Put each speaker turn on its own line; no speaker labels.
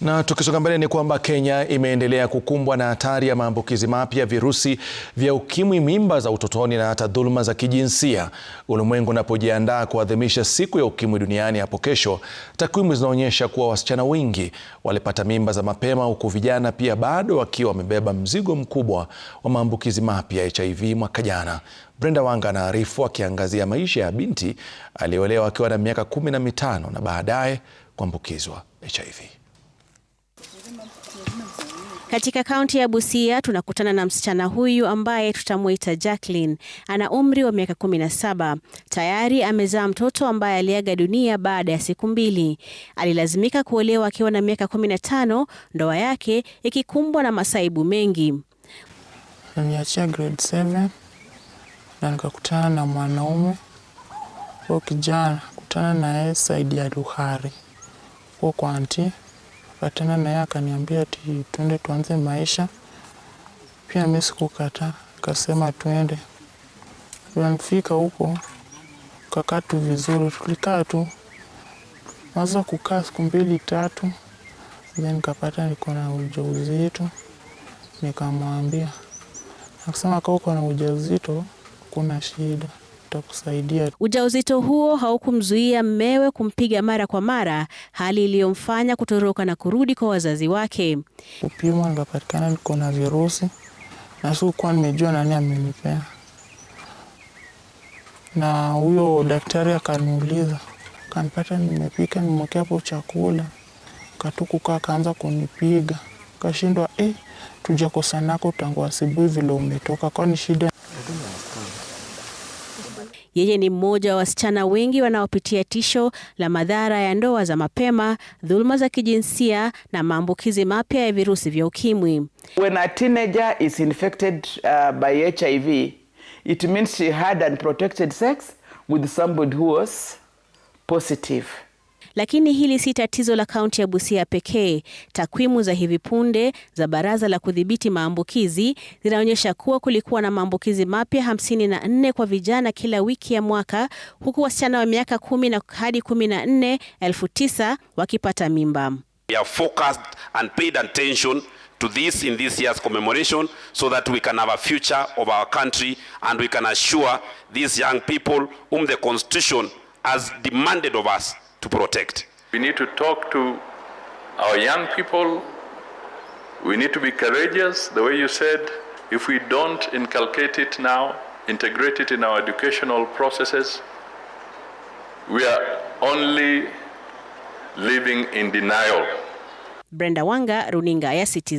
Na tukisonga mbele ni kwamba Kenya imeendelea kukumbwa na hatari ya maambukizi mapya virusi vya ukimwi, mimba za utotoni na hata dhuluma za kijinsia. Ulimwengu unapojiandaa kuadhimisha siku ya ukimwi duniani hapo kesho, takwimu zinaonyesha kuwa wasichana wengi walipata mimba za mapema, huku vijana pia bado wakiwa wamebeba mzigo mkubwa wa maambukizi mapya ya HIV mwaka jana. Brenda Wanga anaarifu akiangazia maisha ya binti aliyeolewa akiwa na miaka kumi na mitano na baadaye kuambukizwa HIV.
Katika kaunti ya Busia tunakutana na msichana huyu ambaye tutamwita Jacqueline. Ana umri wa miaka kumi na saba. Tayari amezaa mtoto ambaye aliaga dunia baada ya siku mbili. Alilazimika kuolewa akiwa na miaka kumi na tano, ndoa yake ikikumbwa na masaibu mengi.
Niachia grade 7 na nikakutana na mwanaume huo kijana, kutana na yeye Saidi ya luhari huo kwa anti Fatema naye akaniambia ati tuende tuanze maisha, pia mimi sikukataa, kasema tuende. Tunafika huko tukakaa tu vizuri, tulikaa tu maza kukaa siku mbili tatu, then nikapata niko na ujauzito, nikamwambia akasema, kama na ujauzito kuna shida itakusaidia.
Ujauzito huo haukumzuia mmewe kumpiga mara kwa mara, hali iliyomfanya kutoroka na kurudi kwa wazazi wake.
Kupimwa nikapatikana niko na virusi na sikukuwa nimejua nani amenipea, na huyo daktari akaniuliza, kanipata nimepika, nimwekea hapo chakula katukuka, akaanza kunipiga, kashindwa eh, tujakosanako tangu asubuhi vile umetoka, kwani shida
yeye ni mmoja wa wasichana wengi wanaopitia tisho la madhara ya ndoa za mapema, dhuluma za kijinsia na maambukizi mapya ya virusi vya ukimwi.
When a teenager is infected uh, by HIV, it means she had unprotected sex with somebody who was positive.
Lakini hili si tatizo la kaunti ya Busia pekee. Takwimu za hivi punde za Baraza la Kudhibiti Maambukizi zinaonyesha kuwa kulikuwa na maambukizi mapya 54 kwa vijana kila wiki ya mwaka, huku wasichana wa miaka 10 na hadi 14 elfu tisa wakipata mimba.
We are focused and paid attention to this in this year's commemoration so that we can have a future of our country and we can assure these young people whom the constitution has demanded of us to protect.
We need to talk to our young people. We need to be courageous. The way you said, if we don't inculcate it now, integrate it in our educational processes, we are only living in denial. Brenda Wanga, Runinga ya Citizen.